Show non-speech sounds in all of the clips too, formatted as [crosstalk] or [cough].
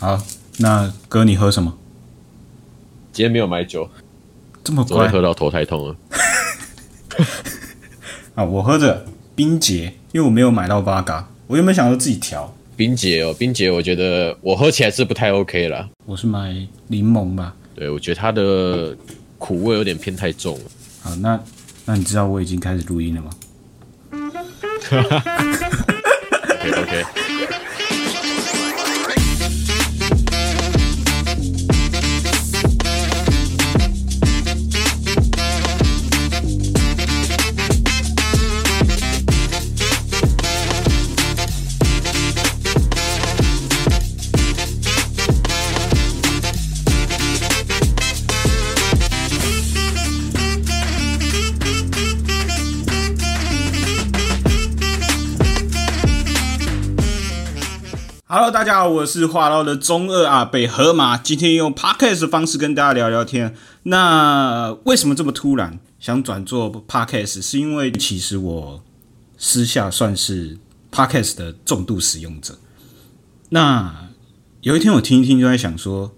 好，那哥你喝什麼？今天沒有買酒，這麼快喝到頭太痛了。啊， [laughs] [laughs] 我喝的冰結，因為我沒有買到八嘎，我又沒有想到自己調冰結哦，冰結我覺得我喝起來是不太 OK 啦。我是買檸檬吧，對，我覺得它的苦味有點偏太重。好，好，那那你知道我已經開始錄音了嗎？哈哈，OK OK。Hello，大家好，我是話嘮的中二阿北河馬。今天用 Podcast 方式跟大家聊聊天。那為什麼這麼突然想轉做 Podcast？是因為其實我私下算是 Podcast 的重度使用者。那有一天我聽一聽，就在想說：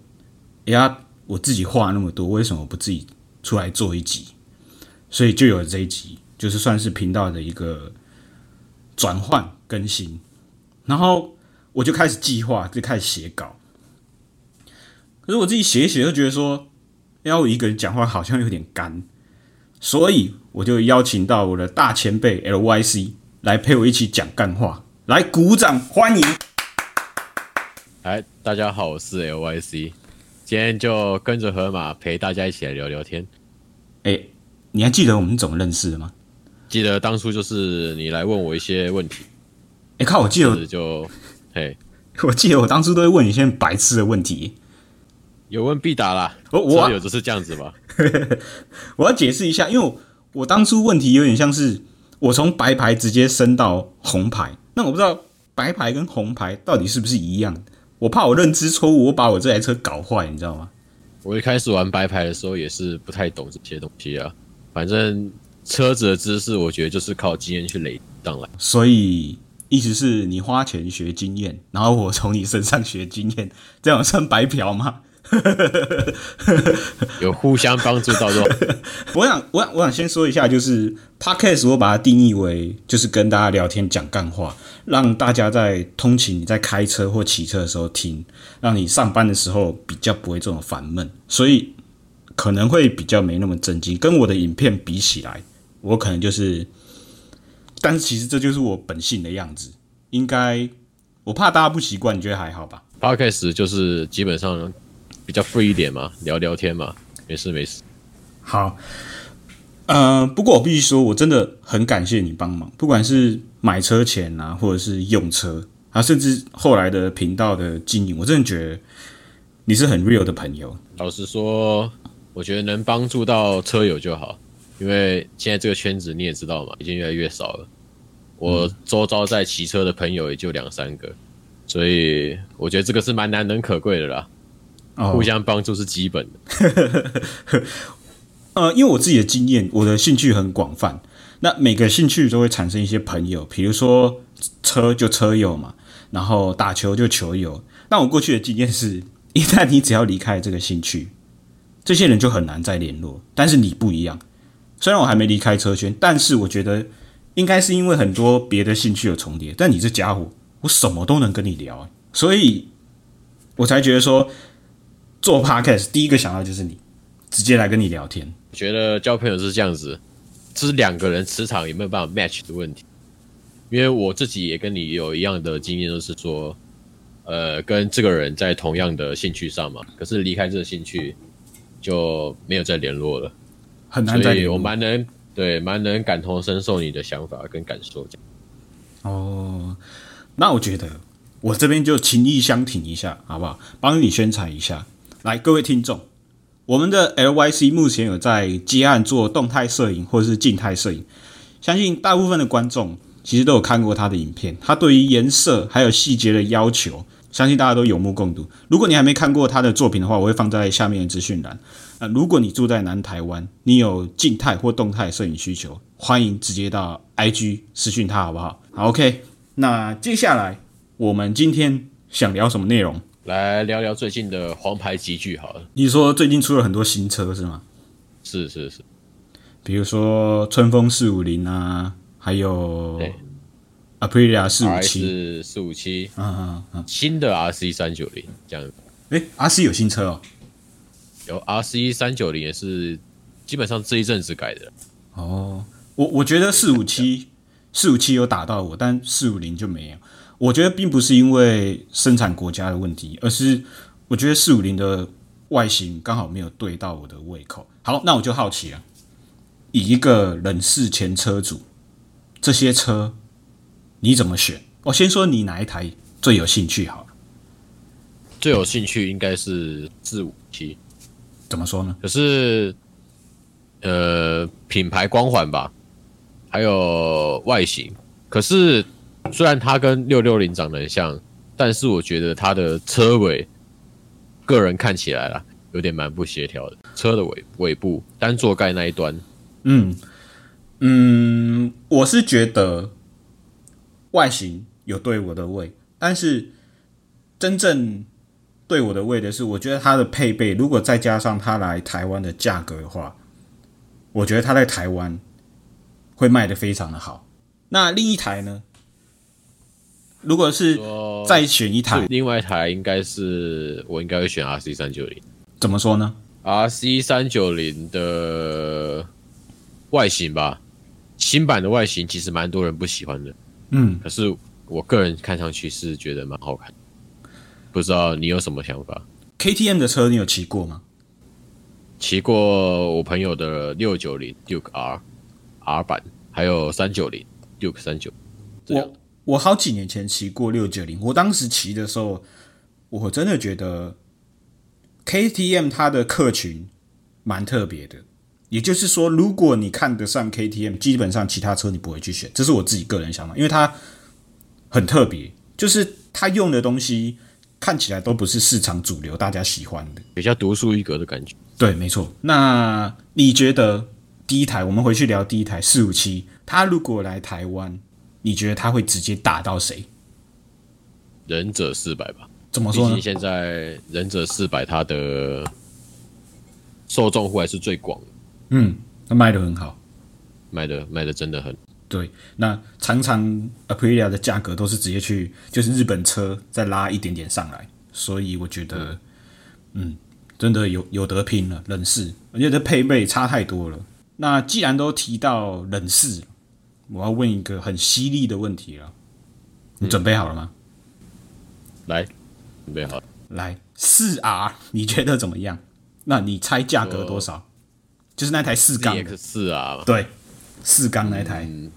呀、欸啊，我自己話那麼多，為什麼不自己出來做一集？所以就有這一集，就是算是頻道的一個轉換更新，然後。我就開始計劃，就開始寫稿。可是我自己寫一寫，就覺得說，要我一個人講話好像有點乾，所以我就邀請到我的大前輩 LYC 來陪我一起講幹話，來鼓掌歡迎。來，大家好，我是 LYC，今天就跟着河馬陪大家一起來聊聊天。哎，你還記得我們怎麼認識的嗎？記得當初就是你來問我一些問題。哎，靠，我記得就。嘿，hey, 我記得我當初都會問一些白痴的問題，有問必答啦。哦、我我有的是這樣子吧。 [laughs] 我要解釋一下，因為我，我當初問題有點像是我從白牌直接升到紅牌，那我不知道白牌跟紅牌到底是不是一樣，我怕我認知錯誤，我把我這台車搞壞，你知道嗎？我一開始玩白牌的時候也是不太懂這些東西啊，反正車子的知識，我覺得就是靠經驗去累上來，所以。意思是你花錢學經驗，然後我從你身上學經驗，這樣算白嫖嗎？ [laughs] 有互相幫助到這。 [laughs] 我想，我我想先說一下，就是 Podcast 我把它定義為就是跟大家聊天講幹話，讓大家在通勤，你在開車或騎車的時候聽，讓你上班的時候比較不會這種煩悶，所以可能會比較沒那麼震驚，跟我的影片比起來，我可能就是。但是其實這就是我本性的樣子，應該我怕大家不習慣，你覺得還好吧？Podcast 就是基本上比較 free 一點嘛，聊聊天嘛，沒事沒事。好，呃，不過我必須說，我真的很感謝你幫忙，不管是買車前啊，或者是用車，啊，甚至後來的頻道的經營，我真的覺得你是很 real 的朋友。老實說，我覺得能幫助到車友就好。因為現在這個圈子你也知道嘛，已經越來越少了。我周遭在騎車的朋友也就兩三個，嗯、所以我覺得這個是蠻難能可貴的啦。哦、互相幫助是基本的。 [laughs] 呃，因為我自己的經驗，我的興趣很廣泛，那每個興趣都會產生一些朋友，比如說車就車友嘛，然後打球就球友。那我過去的經驗是，一旦你只要離開這個興趣，這些人就很難再聯絡，但是你不一樣。雖然我還沒離開車圈，但是我覺得應該是因為很多別的興趣有重疊。但你這家伙，我什麼都能跟你聊欸，所以我才覺得說做 Podcast 第一個想到就是你，直接來跟你聊天。我覺得交朋友是這樣子，這是兩個人磁場有沒有辦法 match 的問題。因為我自己也跟你有一樣的經驗，就是說，呃，跟這個人在同樣的興趣上嘛，可是離開這個興趣就沒有再聯絡了。很難，以我蠻，我蠻能對蠻能感同身受你的想法跟感受。哦，oh, 那我覺得我這邊就情意相挺一下，好不好？幫你宣傳一下。來，各位聽眾，我們的 L Y C 目前有在接案做動態攝影或者是靜態攝影，相信大部分的觀眾其實都有看過他的影片。他對於顏色還有細節的要求，相信大家都有目共睹。如果你還沒看過他的作品的話，我會放在下面的資訊欄。那如果你住在南台灣，你有靜態或動態攝影需求，歡迎直接到 IG 私訊他，好不好？好 OK。那接下來我們今天想聊什麼內容？來聊聊最近的黃牌級距好了。你說最近出了很多新車是嗎？是是是，比如說春風四五零啊，還有 Aprilia 四五七四五七，嗯嗯嗯，新的 RC 三九零這樣子。誒、欸、RC 有新車哦。有、oh, RC 三九零也是基本上這一陣子改的哦。Oh, 我我覺得四五七四五七有打到我，但四五零就沒有。我覺得並不是因為生產國家的問題，而是我覺得四五零的外形剛好沒有對到我的胃口。好，那我就好奇了，以一個忍四前車主，這些車你怎麼選？我、oh, 先說你哪一台最有興趣好了。最有興趣應該是四五七。怎麼說呢？可、就是，呃，品牌光環吧，還有外形。可是，雖然它跟六六零長得很像，但是我覺得它的車尾，個人看起來啦，有點蠻不協調的。車的尾尾部，單座蓋那一端。嗯嗯，我是覺得外形有對我的胃，但是真正。對我的味的是，我覺得它的配備，如果再加上它來台灣的價格的話，我覺得它在台灣會賣得非常的好。那另一台呢？如果是再選一台，另外一台應該是我應該會選 RC390。怎麼說呢？RC390 的外形吧，新版的外形其實蠻多人不喜歡的。嗯，可是我個人看上去是覺得蠻好看的。不知道你有什麼想法？KTM 的車你有騎過嗎？騎過我朋友的690 Duke R R 版，還有390 Duke 39。我我好幾年前騎過690，我當時騎的時候，我真的覺得 KTM 它的客群蠻特別的。也就是說，如果你看得上 KTM，基本上其他車你不會去選，這是我自己個人想法，因為它很特別，就是它用的東西。看起來都不是市場主流，大家喜歡的，比較獨樹一格的感覺。對，沒錯。那你覺得第一台，我們回去聊第一台四五七，他如果來台灣，你覺得他會直接打到誰？忍者四百吧？怎麼說呢？畢竟現在忍者四百，它的受眾戶還是最廣。嗯，他賣的很好，賣的賣的真的很。對，那常常 Aprilia 的價格都是直接去，就是日本車再拉一點點上來，所以我覺得，嗯，嗯，真的有有得拼了，忍四，我覺得配備差太多了。那既然都提到忍四，我要問一個很犀利的問題了，嗯、你準備好了嗎？來，準備好了。來，四 R，你覺得怎麼樣？那你猜價格多少？我就是那台四缸四 R，對，四缸那台。嗯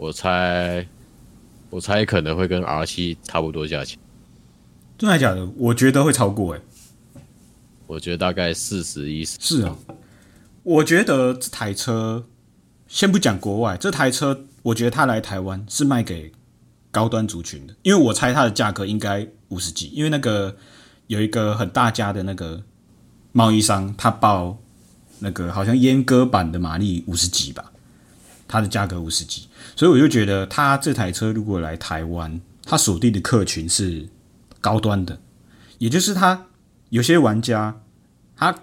我猜，我猜可能會跟 R7 差不多價錢。真的假的？我覺得會超過誒、欸。我覺得大概四十一、四十二。是啊，我覺得這台車，先不講國外，這台車我覺得它來台灣是賣給高端族群的，因為我猜它的價格應該五十幾，因為那個有一個很大家的那個貿易商，他報那個好像閹割版的馬力五十幾吧，它的價格五十幾。所以我就覺得，他這台車如果來台灣，他鎖定的客群是高端的，也就是他有些玩家，他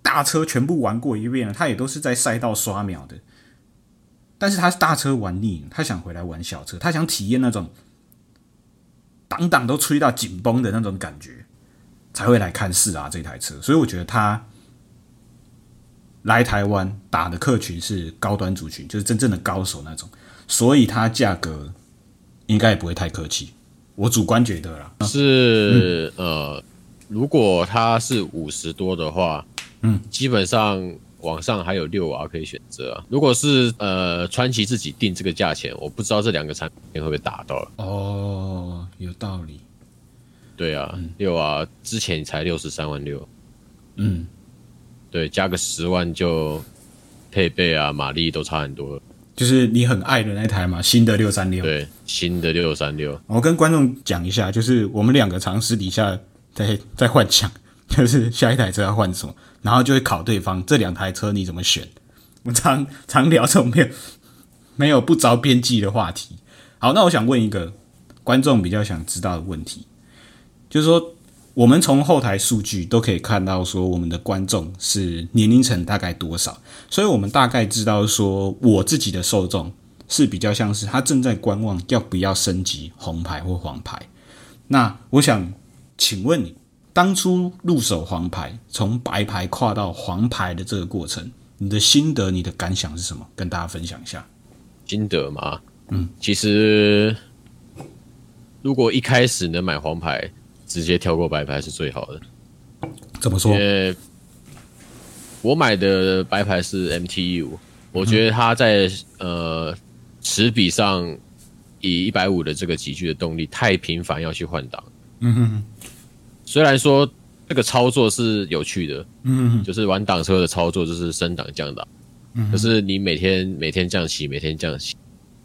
大車全部玩過一遍了，他也都是在賽道刷秒的，但是他是大車玩膩了，他想回來玩小車，他想體驗那種擋擋都催到緊繃的那種感覺，才會來看四啊這台車。所以我覺得他來台灣打的客群是高端族群，就是真正的高手那種。所以它價格應該也不會太客氣，我主觀覺得啦、啊是。是呃，如果它是五十多的話，嗯，基本上往上還有 6R 可以選擇啊。如果是呃川崎自己定這個價錢，我不知道這兩個產品會不會打到了。哦，有道理。對啊，6R 之前才六十三萬六，嗯，對，加個十萬就配備啊馬力都差很多了。就是你很愛的那台嘛，新的六三六。對，新的六三六。我跟觀眾講一下，就是我們兩個常私底下在在幻想，就是下一台車要換什麼，然後就會考對方這兩台車你怎麼選。我常常聊這種沒有沒有不着邊際的話題。好，那我想問一個觀眾比較想知道的問題，就是說。我們從後台數據都可以看到，說我們的觀眾是年齡層大概多少，所以我們大概知道說，我自己的受眾是比較像是他正在觀望要不要升級紅牌或黃牌。那我想請問你，當初入手黃牌，從白牌跨到黃牌的這個過程，你的心得、你的感想是什麼？跟大家分享一下，嗯。心得嗎？嗯，其實如果一開始能買黃牌。直接跳過白牌是最好的。怎麼說？因為我買的白牌是 MT15 我覺得它在、嗯、哼呃齒比上以一百五的這個級距的動力太頻繁，要去換擋。嗯哼。雖然說這、那個操作是有趣的，嗯哼，就是玩檔車的操作就是升檔降檔，嗯哼，可是你每天每天降旗，每天降旗，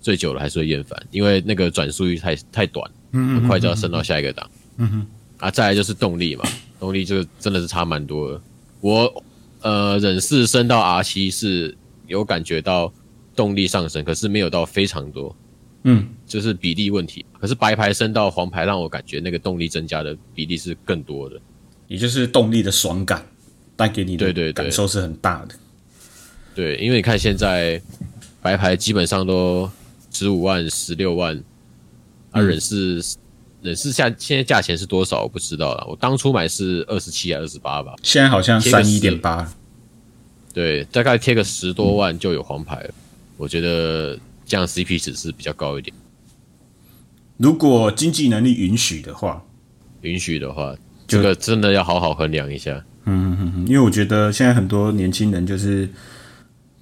最久了還是會厭煩，因為那個轉速域太太短，嗯哼，很快就要升到下一個檔、嗯，嗯哼。啊，再來就是動力嘛，動力就真的是差蠻多的。我呃，忍四升到 R 七是有感覺到動力上升，可是沒有到非常多，嗯，就是比例問題。可是白牌升到黃牌，讓我感覺那個動力增加的比例是更多的，也就是動力的爽感帶給你的感受是很大的，對對對。對，因為你看現在白牌基本上都十五萬、十六萬，而、啊嗯、忍四。那是下，現在價錢是多少？我不知道啦。我當初買是二十七還是二十八吧。現在好像三一點八。10, 對，大概貼個十多萬就有黃牌了。嗯、我覺得這樣 CP 值，是比較高一點。如果經濟能力允許的話，允許的話，這個真的要好好衡量一下。嗯嗯嗯，因為我覺得現在很多年輕人就是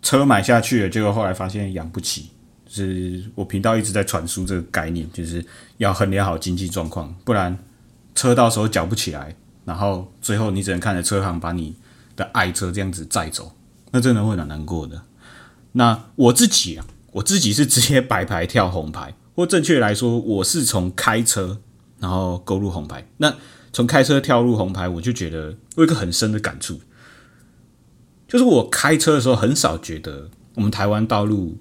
車買下去了，結果後來發現養不起。就是我頻道一直在傳輸這個概念，就是要衡量好經濟狀況，不然車到時候繳不起來，然後最後你只能看着車行把你的愛車這樣子載走，那真的會蠻難過的。那我自己啊，我自己是直接白牌跳紅牌，或正確來說，我是從開車然後購入紅牌。那從開車跳入紅牌，我就覺得我有一個很深的感觸，就是我開車的時候很少覺得我們台灣道路。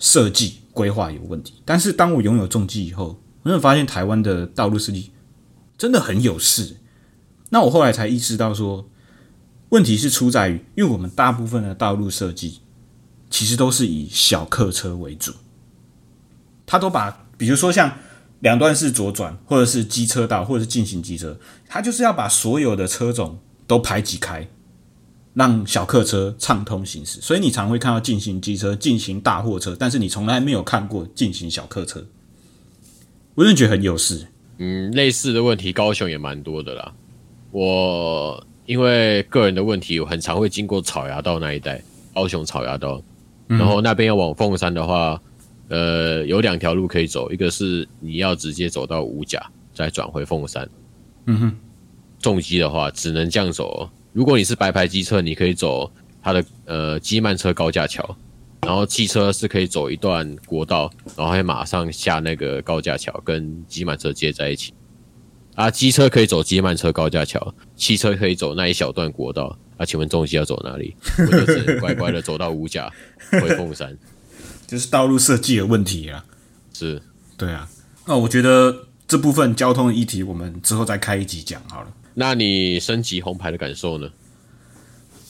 設計規劃有問題，但是當我擁有重機以後，我就發現台灣的道路設計真的很有事欸。那我後來才意識到說，問題是出在於，因為我們大部分的道路設計其實都是以小客車為主，他都把，比如說像兩段式左轉，或者是機車道，或者是禁行機車，他就是要把所有的車種都排擠開。讓小客車暢通行駛，所以你常會看到進行機車、進行大貨車，但是你從來沒有看過進行小客車。我就覺得很有事。嗯，類似的問題，高雄也蠻多的啦。我因為個人的問題，我很常會經過草衙道那一帶，高雄草衙道，嗯哼，然後那邊要往鳳山的話，呃，有兩條路可以走，一個是你要直接走到五甲，再轉回鳳山。嗯哼，重機的話，只能這樣走。如果你是白牌機車，你可以走它的呃機慢車高架橋，然後汽車是可以走一段國道，然後會馬上下那個高架橋跟機慢車接在一起。啊，機車可以走機慢車高架橋，汽車可以走那一小段國道。啊，請問重機要走哪裡？ [laughs] 我就是乖乖的走到五甲，回鳳山， [laughs] 就是道路設計的問題啊。是，對啊。那我覺得這部分交通議題，我們之後再開一集講好了。那你升級紅牌的感受呢？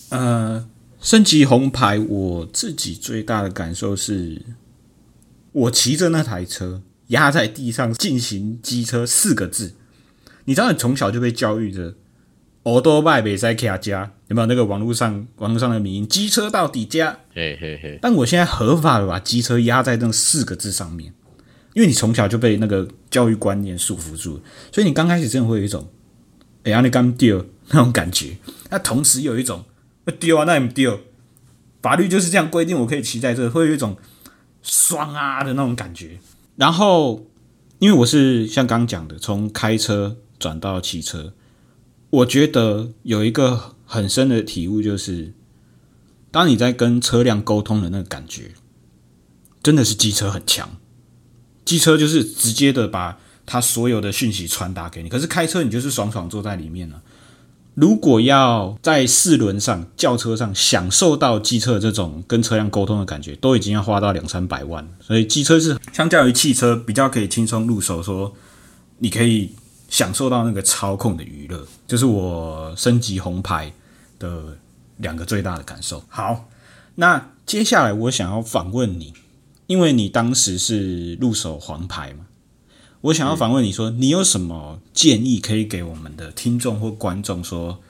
呃，升級紅牌，我自己最大的感受是，我騎着那台車壓在地上禁行機車四個字。你知道，你從小就被教育着“我都拜北塞卡加”，有沒有那個網絡上網絡上的名言“機車到底加”？嘿嘿嘿！但我現在合法的把機車壓在那四個字上面，因為你從小就被那個教育觀念束縛住，所以你剛開始真的會有一種。哎，呀你幹掉那種感覺，那同時有一種丟啊，那也丟。法律就是這樣規定，我可以騎在這，會有一種爽啊的那種感覺。然後，因為我是像剛講的，從開車轉到騎車，我覺得有一個很深的體悟，就是當你在跟車輛溝通的那個感覺，真的是機車很強。機車就是直接的把。它所有的訊息傳達給你，可是開車你就是爽爽坐在裡面了啊。如果要在四輪上、轎車上享受到機車這種跟車輛溝通的感覺，都已經要花到兩三百萬。所以機車是相較於汽車比較可以輕鬆入手，說你可以享受到那個操控的娛樂，就是我升級紅牌的兩個最大的感受。好，那接下來我想要訪問你，因為你當時是入手黃牌嘛？我想要反問你說，你有什麼建議可以給我們的聽眾或觀眾說？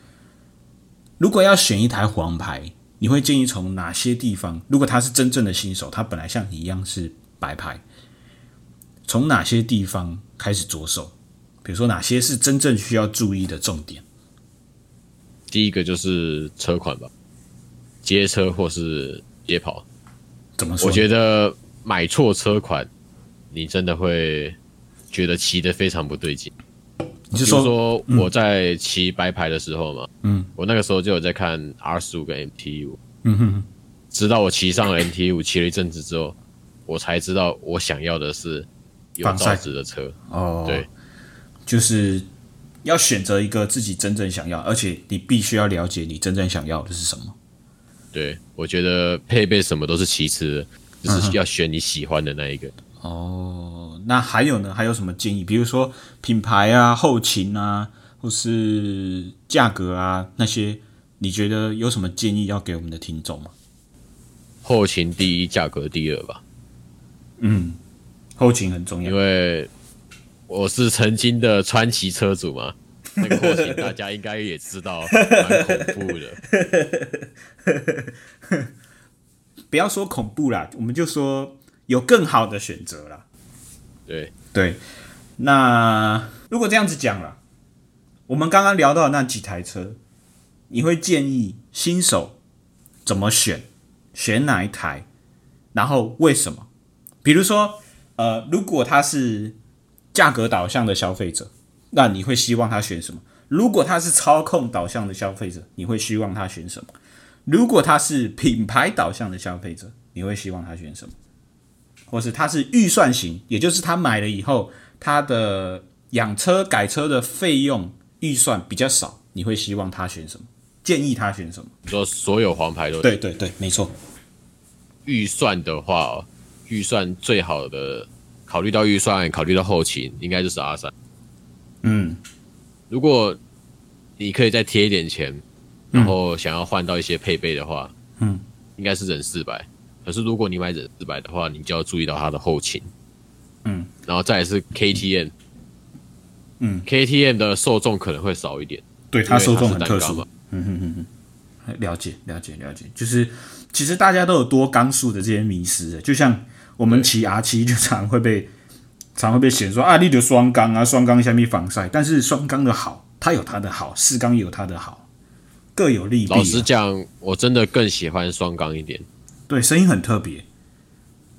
如果要選一台黃牌，你會建議從哪些地方？如果他是真正的新手，他本來像你一樣是白牌，從哪些地方開始着手？比如說，哪些是真正需要注意的重點？第一個就是車款吧，街車或是街跑，怎麼說？我覺得買錯車款，你真的會。覺得騎的非常不對勁，你就說，說我在騎白牌的時候嘛，嗯，我那個時候就有在看 R 十五跟 MT 五，嗯哼，哼，直到我騎上了 MT 五騎了一陣子之後，我才知道我想要的是有倒子的車，曬對哦，對，就是要選擇一個自己真正想要，而且你必須要了解你真正想要的是什麼。對，我覺得配備什麼都是其次，就是要選你喜歡的那一個。嗯、哦。那還有呢？還有什麼建議？比如說品牌啊、後勤啊，或是價格啊那些，你覺得有什麼建議要給我們的聽眾嗎？後勤第一，價格第二吧。嗯，後勤很重要。因為我是曾經的川崎車主嘛，那個後勤大家應該也知道，蠻 [laughs] 恐怖的。 [laughs] 不要說恐怖啦，我們就說有更好的選擇啦。對對，那如果這樣子講了，我們剛剛聊到那幾台車，你會建議新手怎麼選，選哪一台，然後為什麼？比如說，呃，如果他是價格導向的消費者，那你會希望他選什麼？如果他是操控導向的消費者，你會希望他選什麼？如果他是品牌導向的消費者，你會希望他選什麼？或是他是預算型，也就是他買了以後，他的養車、改車的費用預算比較少，你會希望他選什麼？建議他選什麼？你說所有黃牌都選，對對對，沒錯。預算的話、哦，預算最好的，考慮到預算，考慮到後勤，應該就是 R3。嗯，如果你可以再貼一點錢，然後想要換到一些配備的話，嗯，應該是忍400。可是，如果你買忍四百的話，你就要注意到它的後勤。嗯，然後再來是 KTM，嗯，KTM 的受眾可能會少一點，對，它受眾很特殊。嗯哼哼哼，了解了解了解，就是其實大家都有多缸數的這些迷思，的，就像我們騎 R 七就常會被對常會被嫌說啊，你有雙缸啊，雙缸下面防曬。但是雙缸的好，它有它的好，四缸有它的好，各有利弊、啊。老實講，我真的更喜歡雙缸一點。對，聲音很特別。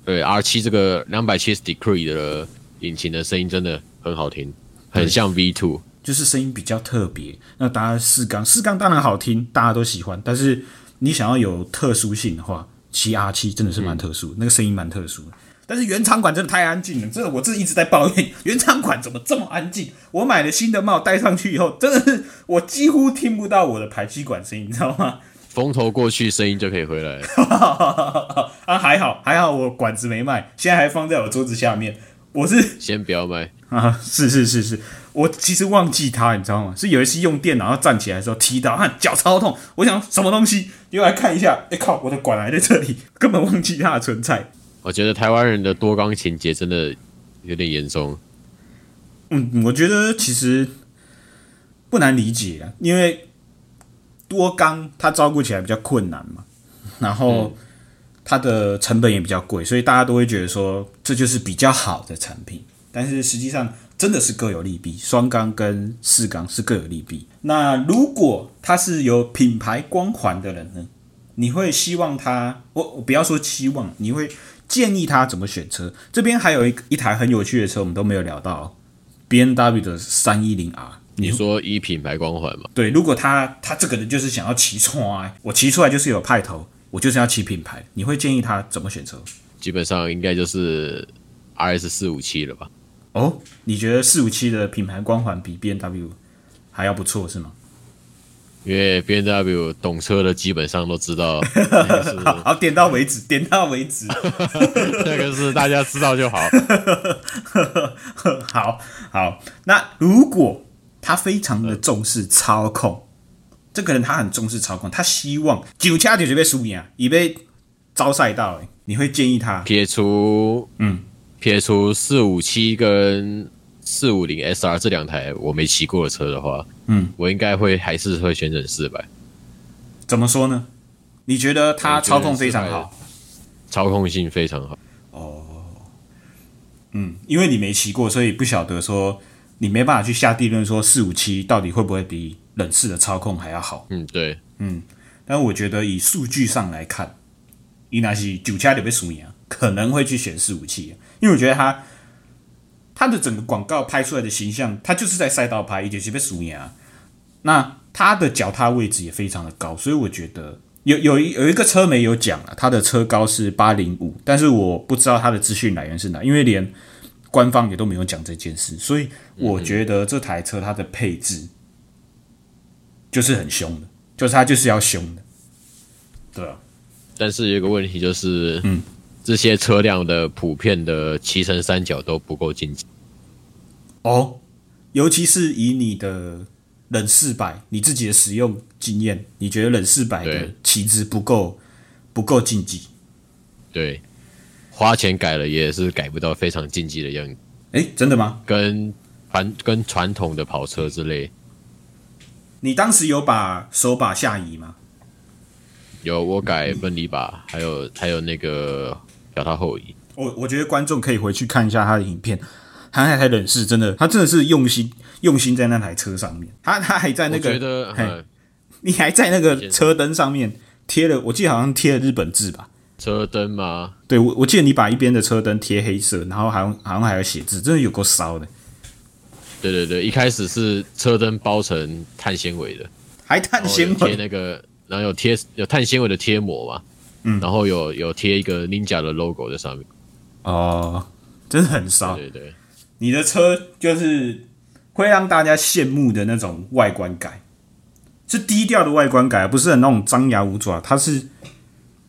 對，R 七這個兩百七十 degree 的引擎的聲音真的很好聽，對很像 V two，就是聲音比較特別。那當然四缸，四缸當然好聽，大家都喜歡。但是你想要有特殊性的話，七 R 七真的是蠻特殊，嗯、那個聲音蠻特殊的。但是原廠管真的太安靜了，真的我這一直在抱怨原廠管怎麼這麼安靜。我買了新的帽戴上去以後，真的是我幾乎聽不到我的排氣管聲音，你知道嗎？風頭過去，聲音就可以回來了。 [laughs] 啊，還好，還好，我管子沒賣，現在還放在我桌子下面。我是先不要賣啊！是是是是，我其實忘記它，你知道嗎？是有一次用電腦要站起來的時候，踢到，看腳超痛。我想什麼東西？又來看一下，哎靠，我的管還在這裡，根本忘記它的存在。我覺得台灣人的多缸情結真的有點嚴重。嗯，我覺得其實不難理解啊，因為。多缸它照顧起來比較困難嘛，然後它的成本也比較貴，所以大家都會覺得說這就是比較好的產品。但是實際上真的是各有利弊，雙缸跟四缸是各有利弊。那如果他是有品牌光環的人呢？你會希望他，我我不要說期望，你會建議他怎麼選車？這邊還有一一台很有趣的車，我們都沒有聊到，BMW 的 310R。你，你說以品牌光環嘛？對，如果他他這個人就是想要騎出來，我騎出來就是有派頭，我就是要騎品牌，你會建議他怎麼選擇？基本上應該就是 R S 四五七了吧？哦，你覺得四五七的品牌光環比 BMW 還要不錯是嗎？因為 BMW 懂車的基本上都知道是 [laughs] 好，好點到為止，點到為止， [laughs] [laughs] [laughs] 這個是大家知道就好。 [laughs] 好好，那如果他非常的重視操控。這個人他很重視操控，他希望九千二點隨便輸贏啊，以免招賽道、欸。你會建議他撇除嗯，撇除四五七跟四五零 SR 這兩台我沒騎過的車的話，嗯，我應該會還是會選擇四百。怎麼說呢？你覺得它操控非常好、嗯，操控性非常好。哦，嗯，因為你沒騎過，所以不曉得說。你沒辦法去下定論說四五七到底會不會比冷式的操控還要好？嗯，對，嗯，但我覺得以數據上來看，伊納西九七特別熟眼，可能會去選四五七，因為我覺得他他的整個廣告拍出來的形象，他就是在賽道拍，伊杰西特別熟眼，那他的腳踏位置也非常的高，所以我覺得有有一有一個車沒有講了，他的車高是八零五，但是我不知道他的資訊來源是哪，因為連。官方也都沒有講這件事，所以我覺得這台車它的配置就是很凶的，就是它就是要凶的。對啊，但是有一個問題就是，嗯，這些車輛的普遍的騎乘三角都不夠競技哦，尤其是以你的忍四百，你自己的使用經驗，你覺得忍四百的騎姿不夠對不夠競技？對。花錢改了也是改不到非常競技的樣子。誒、欸，真的嗎？跟傳跟傳統的跑車之類，你當時有把手把下移嗎？有，我改分離把，嗯、還有還有那個腳踏後移。我我覺得觀眾可以回去看一下他的影片，他還忍是真的，他真的是用心用心在那台車上面。他他還在那個，覺得嘿，嗯、你還在那個車燈上面貼了，我記得好像貼了日本字吧。車燈嗎？對，我我記得你把一邊的車燈貼黑色，然後好像好像還有寫字，真的有夠騷的。對對對，一開始是車燈包成碳纖維的，還碳纖維貼那個，然後有貼有碳纖維的貼膜嘛？嗯，然後有有貼一個 Ninja 的 logo 在上面。哦，真的很騷。對，對對，你的車就是會讓大家羨慕的那種外觀改，是低調的外觀改，不是很那種張牙舞爪，它是。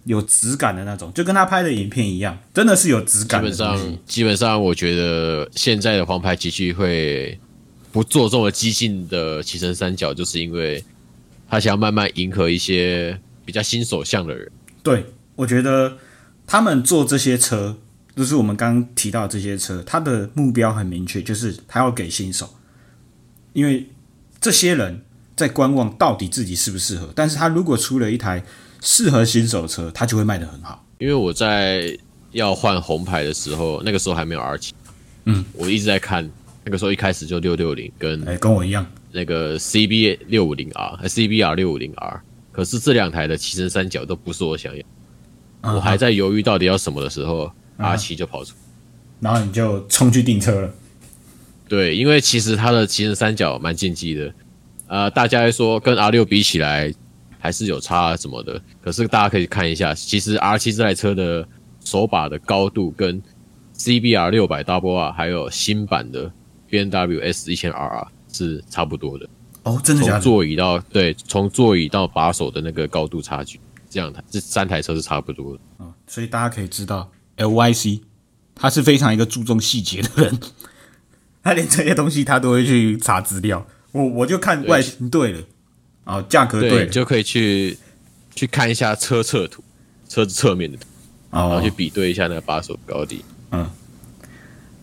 有質感的那種，就跟他拍的影片一樣，真的是有質感的。基本上，基本上，我覺得現在的黃牌騎具會不做這麼激進的騎乘三角，就是因為他想要慢慢迎合一些比較新手向的人。對，我覺得他們做這些車，就是我們剛剛提到這些車，他的目標很明確，就是他要給新手，因為這些人在觀望到底自己適不適合。但是他如果出了一台適合新手的車，它就會賣得很好。因為我在要換紅牌的時候，那個時候還沒有 R7，嗯，我一直在看。那個時候一開始就660跟哎、欸、跟我一樣，那個 CB650R，CBR650R。可是這兩台的騎乘三角都不是我想要，啊、哈我還在猶豫到底要什麼的時候，啊、哈、R7 就跑出，然後你就衝去訂車了。對，因為其實它的騎乘三角蠻進擊的，呃，大家說跟 R6 比起來。還是有差啊什麼的，可是大家可以看一下，其實 R 七這台車的手把的高度跟 C B R 六百 double R 還有新版的 B M W S 一千 R 是差不多的哦，真的，假的？從座椅到對，從座椅到把手的那個高度差距，這樣台這三台車是差不多的啊、哦。所以大家可以知道，L Y C 他是非常一個注重細節的人， [laughs] 他連這些東西他都會去查資料。我我就看外形對了。對然後價格對、哦，對你就可以去去看一下車側圖，車子側面的圖，哦、然後去比對一下那個把手高低。嗯，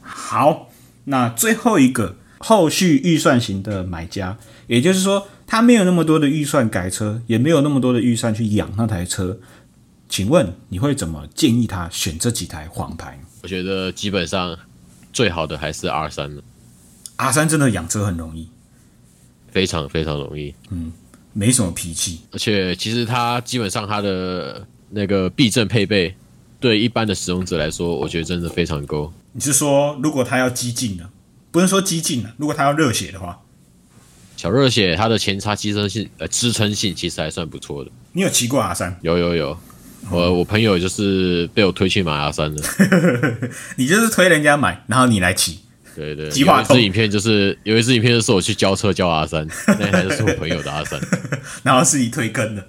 好，那最後一個後續預算型的買家，也就是說他沒有那麼多的預算改車，也沒有那麼多的預算去養那台車，請問你會怎麼建議他選這幾台黃牌？我覺得基本上最好的還是 R 三了，R 三真的養車很容易，非常非常容易。嗯。沒什麼脾氣，而且其實它基本上它的那個避震配備，對一般的使用者來說，我覺得真的非常夠。你是說如果它要激進的，不是說激進的，如果它要熱血的話，小熱血它的前叉支撐性，呃，支撐性其實還算不錯的。你有騎過阿三？有有有，我 Okay.、呃、我朋友就是被我推去買阿三的， [laughs] 你就是推人家買，然後你來騎。對對有、就是，有一支影片就是有一支影片，就是我去交車交阿三，那一台就是我朋友的阿三， [laughs] 然後是你推更的，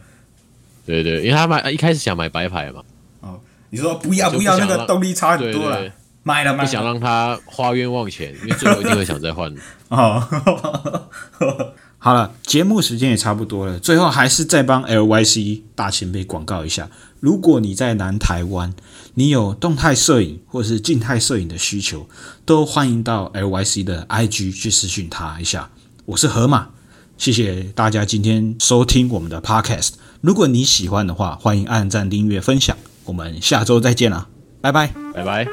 對對，因為他買一開始想買白牌嘛，哦，你說不要不要那個動力差很多對，對。不想讓他花冤枉錢，因為最後一定會想再換哦。 [laughs] [laughs] 好了，節目時間也差不多了。最後還是再幫 LYC 大前輩廣告一下：如果你在南台灣，你有動態攝影或是靜態攝影的需求，都歡迎到 LYC 的 IG 去私訊他一下。我是河馬，謝謝大家今天收聽我們的 Podcast。如果你喜歡的話，歡迎按讚、訂閱、分享。我們下週再見啦，拜拜，拜拜。